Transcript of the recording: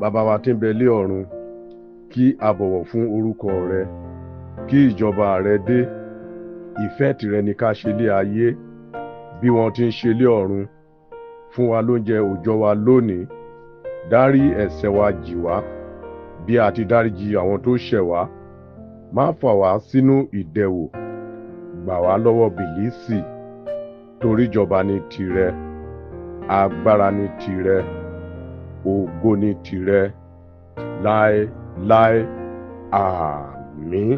bàbá wa tí ń bẹ lé ọ̀run kí a bọ̀wọ̀ fún orúkọ rẹ kí ìjọba rẹ dé ìfẹ́ tìrẹ ni ká ṣe lé ayé bí wọ́n ti ń ṣe lé ọ̀run fún wa lóúnjẹ òòjọ́ wa lónìí dárí ẹ̀ṣẹ̀ wa jì wá bí a ti dáríjì àwọn tó ṣẹ̀ wá má fà wá sínú ìdẹ̀wò gbà wá lọ́wọ́ bìlísì toríjọba ni tìrẹ agbára ni tìrẹ ògo ni tìrẹ láéláé àmín.